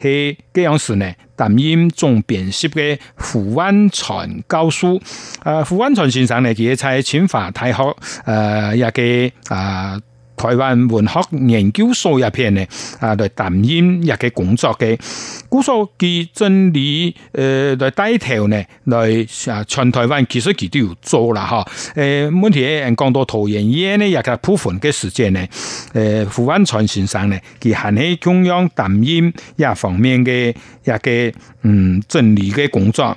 係吉陽市呢，但因仲辨識嘅胡灣傳教書。誒，胡灣傳先生呢，佢喺清華大學，誒、呃，入嘅，啊、呃。台灣文學研究所入邊呢，啊，來談演一個工作嘅，咁所以整理，呃嚟帶頭呢，嚟全台灣其實佢都要做啦，吓，誒，問題講到拖延嘢呢，又係部分嘅時間呢，誒、呃，胡萬川先生呢，佢喺中央談演一方面嘅一個嗯整理嘅工作。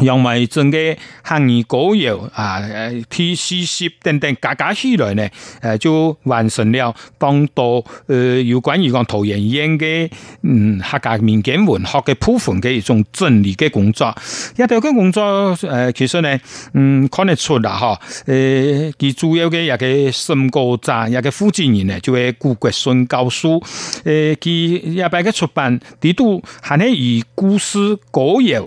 因為仲個漢語古謠啊，誒，TCC 等等，加加起來呢，誒，就完成了幫到呃，有關於講陶研院嘅嗯客家民間文學嘅部分嘅一種整理嘅工作。一條嘅工作誒，其實呢，嗯，看得出來哈，誒、呃，佢主要嘅一個新高站一個負責人呢，就係顧國順教授，誒，佢一百個出版啲都係以古詩古謠。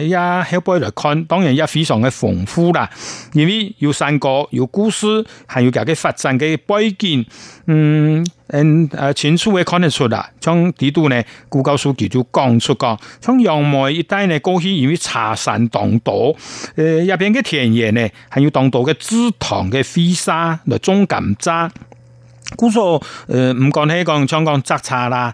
呀，喺碑嚟看，當然也非常嘅豐富啦。因為有山歌，有故事，還有佢發展嘅背景。嗯，嗯，誒，清楚嘅看得出啦。從地圖呢，古高書記就講出講，從楊梅一帶呢過去，因為茶山當道，誒、呃，一邊嘅田野呢，還有當道嘅紫塘嘅飛沙嚟種甘蔗。古所，誒、呃，唔講呢個，講講摘茶啦。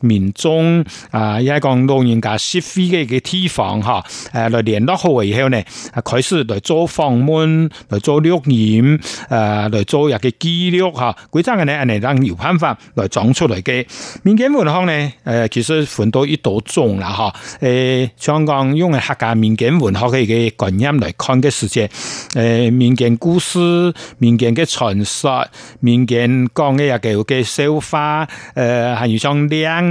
民眾啊一講老人家識的一個提防吓，誒、啊、來聯絡好以後啊，開始來做訪問，來做錄音，啊，來做一個記錄吓，佢真嘅咧嚟等有辦法來種出嚟嘅民間文學呢，誒、呃、其實分到一多種啦吓，誒想講用客家民間文學嘅個觀念來看嘅世界，誒、呃、民間故事、民間嘅傳說、民間講嘅一個嘅笑話，誒、呃、還有唱靚。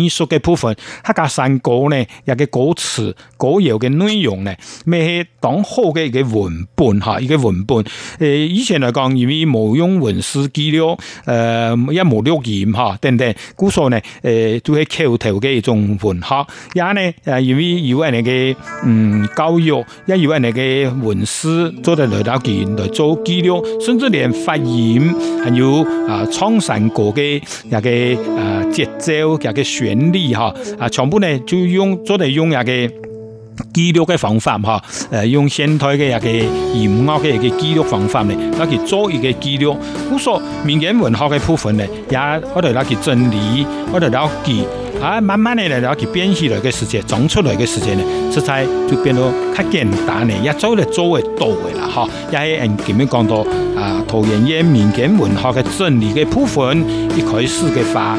藝術嘅部分，客家山歌咧，又嘅歌詞、歌謠嘅內容咧，咩當好嘅一個文本吓，一個文本，誒、呃，以前嚟講，因為冇用文字記錄，誒、呃，一冇錄音吓，等等，故所咧，誒、呃，都係口頭嘅一種文吓，也咧，誒，因為要係你嘅嗯教育，一要係你嘅文師，做得嚟到佢嚟做記錄，甚至連發音，還有啊唱山歌嘅，又嘅誒節奏，嘅旋律。原理哈，啊，全部呢就用，做啲用那個記錄的方法哈，呃，用現代的那個研壓嘅一個記錄方法呢，那去做一個記錄。我、就是、說民間文學的部分呢，也我哋那去整理，我哋撈佢，啊，慢慢的來，撈佢編起來個時間，整出來嘅時間呢，實在就變得較簡單了，也做的做的多嘅啦，哈，也係咁樣講到啊，桃園民間文學的整理的部分，一開始的話。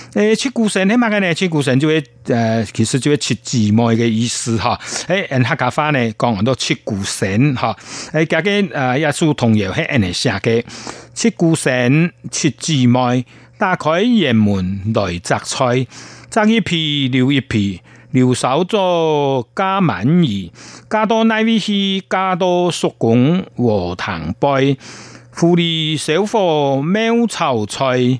誒，七星姑起碼嘅呢，七星姑就會、是、誒、呃，其實就會七姊妹嘅意思哈。誒，人客家話呢講到七星姑哈，誒，家嘅誒一首童謠喺人哋寫嘅，七星姑七姊妹打開衙門來摘菜，摘一皮留一皮，留守做家滿二，加多奶味稀，加多叔公和糖貝，副料小火貓炒菜。